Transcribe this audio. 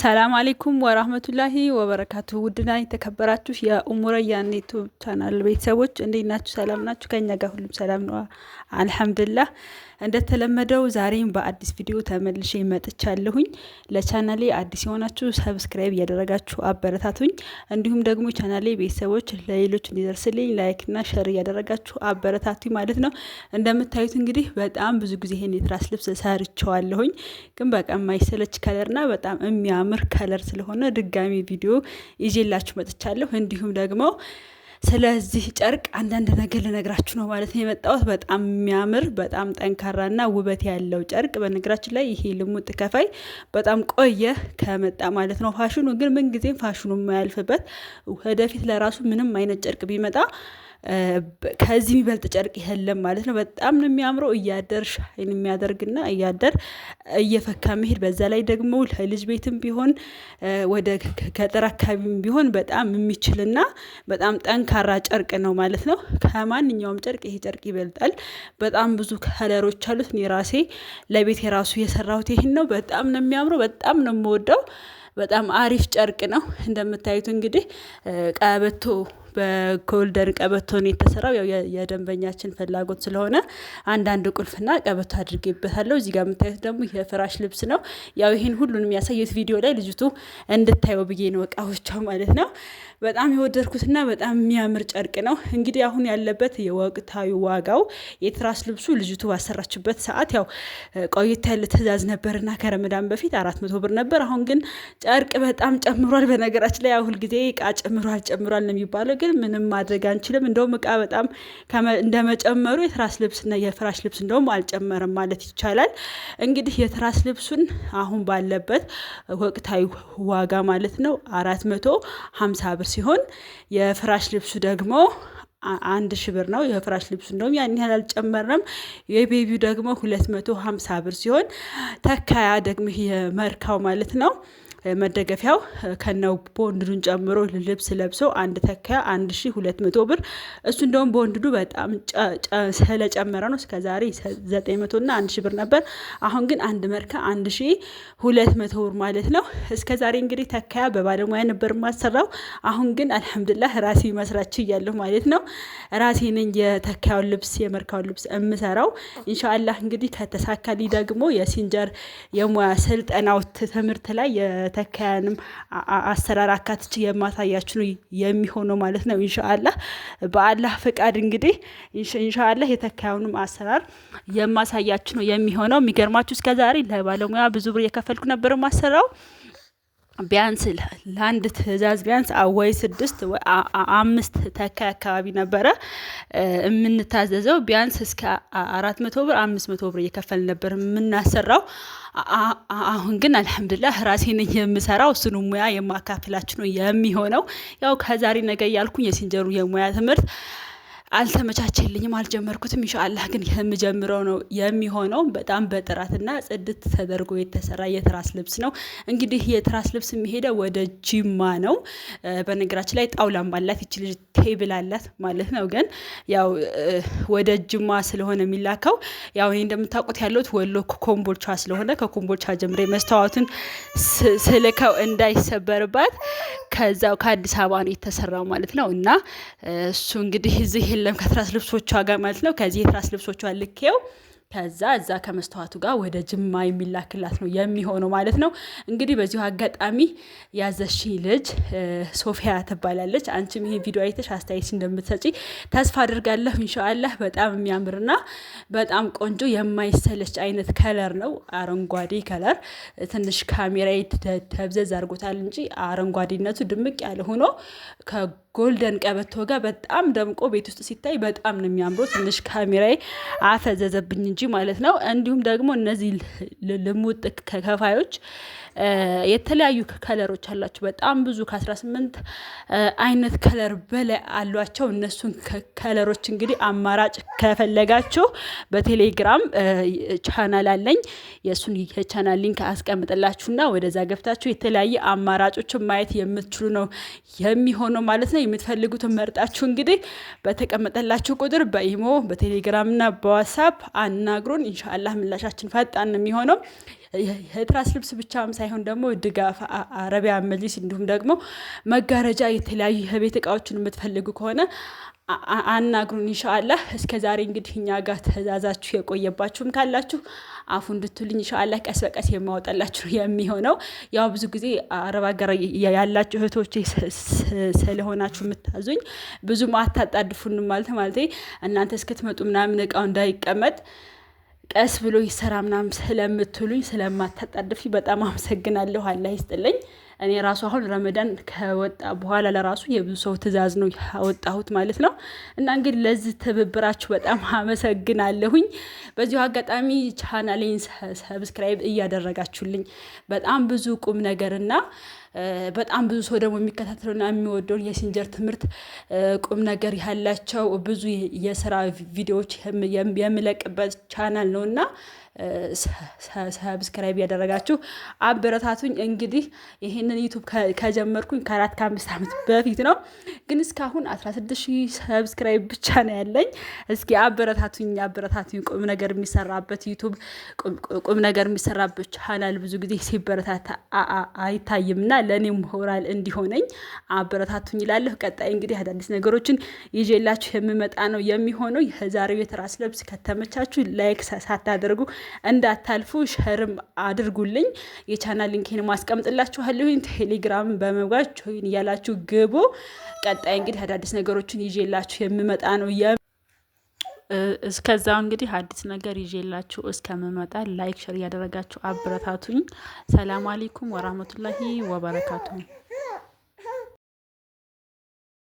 ሰላም አሌይኩም ወራህመቱላሂ ወበረካቱ። ውድና የተከበራችሁ የኡሙረያ ኔቶ ቻናል ቤተሰቦች እንዴት ናችሁ? ሰላም ናችሁ? ከኛ ጋር ሁሉም ሰላም ነው አልሐምዱላህ። እንደተለመደው ዛሬም በአዲስ ቪዲዮ ተመልሼ መጥቻለሁኝ። ለቻናሌ አዲስ የሆናችሁ ሰብስክራይብ እያደረጋችሁ አበረታቱኝ። እንዲሁም ደግሞ ቻናሌ ቤተሰቦች ለሌሎች እንዲደርስልኝ ላይክና ሸር እያደረጋችሁ አበረታቱኝ ማለት ነው። እንደምታዩት እንግዲህ በጣም ብዙ ጊዜ ይህን የትራስ ልብስ ሰርቸዋለሁኝ፣ ግን በቃ የማይሰለች ከለርና በጣም የሚያ የሚያምር ከለር ስለሆነ ድጋሚ ቪዲዮ ይዤላችሁ መጥቻለሁ። እንዲሁም ደግሞ ስለዚህ ጨርቅ አንዳንድ ነገር ልነግራችሁ ነው ማለት ነው የመጣሁት። በጣም የሚያምር በጣም ጠንካራና ውበት ያለው ጨርቅ። በነገራችን ላይ ይሄ ልሙጥ ከፋይ በጣም ቆየ ከመጣ ማለት ነው። ፋሽኑ ግን ምንጊዜም ፋሽኑ የማያልፍበት ወደፊት ለራሱ ምንም አይነት ጨርቅ ቢመጣ ከዚህ የሚበልጥ ጨርቅ የለም ማለት ነው። በጣም ነው የሚያምረው። እያደር ሻይን የሚያደርግና እያደር እየፈካ መሄድ። በዛ ላይ ደግሞ ልጅ ቤትም ቢሆን ወደ ገጠር አካባቢም ቢሆን በጣም የሚችልና በጣም ጠንካራ ጨርቅ ነው ማለት ነው። ከማንኛውም ጨርቅ ይሄ ጨርቅ ይበልጣል። በጣም ብዙ ከለሮች አሉት። እኔ ራሴ ለቤት የራሱ የሰራሁት ይህን ነው። በጣም ነው የሚያምረው። በጣም ነው የምወደው። በጣም አሪፍ ጨርቅ ነው። እንደምታዩት እንግዲህ ቀበቶ በኮልደር ቀበቶ ነው የተሰራው። ያው የደንበኛችን ፍላጎት ስለሆነ አንዳንድ ቁልፍና ቀበቶ አድርጌበታለሁ። እዚህ ጋር የምታዩት ደግሞ የፍራሽ ልብስ ነው። ያው ይህን ሁሉን የሚያሳየት ቪዲዮ ላይ ልጅቱ እንድታየው ብዬ ነው እቃዎቿ ማለት ነው። በጣም የወደድኩትና በጣም የሚያምር ጨርቅ ነው። እንግዲህ አሁን ያለበት የወቅታዊ ዋጋው የትራስ ልብሱ ልጅቱ ባሰራችበት ሰዓት ያው ቆይታ ያለ ትእዛዝ ነበርና ከረመዳን በፊት አራት መቶ ብር ነበር። አሁን ግን ጨርቅ በጣም ጨምሯል። በነገራችን ላይ አሁል ሁልጊዜ እቃ ጨምሯል ጨምሯል ነው የሚባለው ግን ምንም ማድረግ አንችልም። እንደውም እቃ በጣም እንደመጨመሩ የትራስ ልብስና የፍራሽ ልብስ እንደውም አልጨመረም ማለት ይቻላል። እንግዲህ የትራስ ልብሱን አሁን ባለበት ወቅታዊ ዋጋ ማለት ነው አራት መቶ ሀምሳ ብር ሲሆን የፍራሽ ልብሱ ደግሞ አንድ ሺ ብር ነው። የፍራሽ ልብሱ እንደውም ያን ያህል አልጨመርንም። የቤቢው ደግሞ ሁለት መቶ ሀምሳ ብር ሲሆን ተካያ ደግሞ የመርካው ማለት ነው መደገፊያው ከነው ቦንድዱን ጨምሮ ልብስ ለብሶ አንድ ተካያ አንድ ሺ ሁለት መቶ ብር እሱ እንደውም ቦንድዱ በጣም ስለጨመረ ነው። እስከ ዛሬ ዘጠኝ መቶ እና አንድ ሺ ብር ነበር። አሁን ግን አንድ መርካ አንድ ሺ ሁለት መቶ ብር ማለት ነው። እስከ ዛሬ እንግዲህ ተካያ በባለሙያ ነበር የማሰራው። አሁን ግን አልሐምዱላህ ራሴ መስራች ችያለሁ ማለት ነው። ራሴ ነኝ የተካያውን ልብስ የመርካውን ልብስ የምሰራው። ኢንሻአላህ እንግዲህ ከተሳካሊ ደግሞ የሲንጀር የሙያ ስልጠናው ትምህርት ላይ ተካያንም አሰራር አካትቼ የማሳያችሁ የሚሆነው ማለት ነው። ኢንሻአላህ በአላህ ፈቃድ እንግዲህ ኢንሻአላህ የተካያኑም አሰራር የማሳያችሁ ነው የሚሆነው። የሚገርማችሁ እስከዛሬ ለባለሙያ ብዙ ብር የከፈልኩ ነበር ማሰራው ቢያንስ ለአንድ ትዕዛዝ ቢያንስ ወይ ስድስት አምስት ተካይ አካባቢ ነበረ የምንታዘዘው። ቢያንስ እስከ አራት መቶ ብር አምስት መቶ ብር እየከፈል ነበር የምናሰራው። አሁን ግን አልሐምዱሊላህ ራሴን የምሰራው። እሱን ሙያ የማካፍላችሁ ነው የሚሆነው። ያው ከዛሬ ነገ እያልኩኝ የሲንጀሩ የሙያ ትምህርት አልተመቻቸልኝም፣ አልጀመርኩትም። ኢንሻአላህ ግን የምጀምረው ነው የሚሆነው። በጣም በጥራትና ጽድት ተደርጎ የተሰራ የትራስ ልብስ ነው። እንግዲህ የትራስ ልብስ የሚሄደው ወደ ጅማ ነው። በነገራችን ላይ ጣውላም አላት ይች ልጅ ቴብል አላት ማለት ነው። ግን ያው ወደ ጅማ ስለሆነ የሚላከው ያው እኔ እንደምታውቁት ያለሁት ወሎ ኮምቦልቻ ስለሆነ ከኮምቦልቻ ጀምሬ መስተዋቱን ስልከው እንዳይሰበርባት ከዛው ከአዲስ አበባ ነው የተሰራው ማለት ነው እና እሱ እንግዲህ እዚህ የለም ከትራስ ልብሶቿ ጋር ማለት ነው። ከዚህ የትራስ ልብሶቿ ልኬው ከዛ እዛ ከመስተዋቱ ጋር ወደ ጅማ የሚላክላት ነው የሚሆነው ማለት ነው። እንግዲህ በዚሁ አጋጣሚ ያዘሺ ልጅ ሶፊያ ትባላለች። አንቺም ይሄ ቪዲዮ አይተሽ አስተያየት እንደምትሰጪ ተስፋ አድርጋለሁ። ኢንሻአላህ በጣም የሚያምርና በጣም ቆንጆ የማይሰለች አይነት ከለር ነው። አረንጓዴ ከለር ትንሽ ካሜራ ተብዘዝ አድርጎታል እንጂ አረንጓዴነቱ ድምቅ ያለ ሆኖ ጎልደን ቀበቶ ጋር በጣም ደምቆ ቤት ውስጥ ሲታይ በጣም ነው የሚያምሮ። ትንሽ ካሜራዬ አፈዘዘብኝ እንጂ ማለት ነው። እንዲሁም ደግሞ እነዚህ ልሙጥ ከፋዮች የተለያዩ ከለሮች አላቸው። በጣም ብዙ ከ18 አይነት ከለር በላይ አሏቸው። እነሱን ከለሮች እንግዲህ አማራጭ ከፈለጋችሁ በቴሌግራም ቻናል አለኝ የእሱን የቻናል ሊንክ አስቀምጥላችሁና ወደዛ ገብታችሁ የተለያየ አማራጮችን ማየት የምትችሉ ነው የሚሆነው ማለት ነው። የምትፈልጉትን መርጣችሁ እንግዲህ በተቀመጠላችሁ ቁጥር በኢሞ በቴሌግራምና በዋትሳፕ አና ብናግሩን ኢንሻአላህ ምላሻችን ፈጣን ነው የሚሆነው። የትራስ ልብስ ብቻም ሳይሆን ደግሞ ድጋፍ፣ አረቢያ መጅሊስ እንዲሁም ደግሞ መጋረጃ፣ የተለያዩ የቤት እቃዎችን የምትፈልጉ ከሆነ አናግሩን ኢንሻአላህ። እስከ ዛሬ እንግዲህ እኛ ጋር ትእዛዛችሁ የቆየባችሁም ካላችሁ አፉ እንድትሉኝ ኢንሻአላህ ቀስ በቀስ የማወጣላችሁ የሚሆነው ያው ብዙ ጊዜ አረብ ሀገር ያላችሁ እህቶች ስለሆናችሁ የምታዙኝ ብዙም አታጣድፉን ማለት ማለት እናንተ እስክትመጡ ምናምን እቃው እንዳይቀመጥ ቀስ ብሎ ይሰራ ምናምን ስለምትሉኝ ስለማታጣድፊ በጣም አመሰግናለሁ። አላህ ይስጥልኝ። እኔ ራሱ አሁን ረመዳን ከወጣ በኋላ ለራሱ የብዙ ሰው ትእዛዝ ነው ያወጣሁት ማለት ነው። እና እንግዲህ ለዚህ ትብብራችሁ በጣም አመሰግናለሁኝ። በዚሁ አጋጣሚ ቻናሌን ሰብስክራይብ እያደረጋችሁልኝ በጣም ብዙ ቁም ነገርና በጣም ብዙ ሰው ደግሞ የሚከታተለውና የሚወደውን የሲንጀር ትምህርት ቁም ነገር ያላቸው ብዙ የስራ ቪዲዮዎች የምለቅበት ቻናል ነው እና ሰብስክራይብ ያደረጋችሁ አበረታቱኝ። እንግዲህ ይህንን ዩቱብ ከጀመርኩኝ ከአራት ከአምስት ዓመት በፊት ነው፣ ግን እስካሁን 16 ሺህ ሰብስክራይብ ብቻ ነው ያለኝ። እስኪ አበረታቱኝ፣ አበረታቱኝ። ቁም ነገር የሚሰራበት ዩቱብ፣ ቁም ነገር የሚሰራበት ቻናል ብዙ ጊዜ ሲበረታታ አይታይምና ለእኔ ሞራል እንዲሆነኝ አበረታቱኝ ይላለሁ። ቀጣይ እንግዲህ አዳዲስ ነገሮችን ይዤላችሁ የምመጣ ነው የሚሆነው። የዛሬው የትራስ ልብስ ከተመቻችሁ ላይክ ሳታደርጉ እንዳታልፉ ሸርም አድርጉልኝ። የቻናል ሊንክን ማስቀምጥላችኋለሁኝ። ቴሌግራም በመጓዝ ጆይን እያላችሁ ግቡ። ቀጣይ እንግዲህ አዳዲስ ነገሮችን ይዤላችሁ የምመጣ ነው። እስከዛው እንግዲህ አዲስ ነገር ይዤላችሁ እስከምመጣ ላይክ፣ ሸር እያደረጋችሁ አበረታቱኝ። ሰላም አሌይኩም ወራህመቱላሂ ወበረካቱ።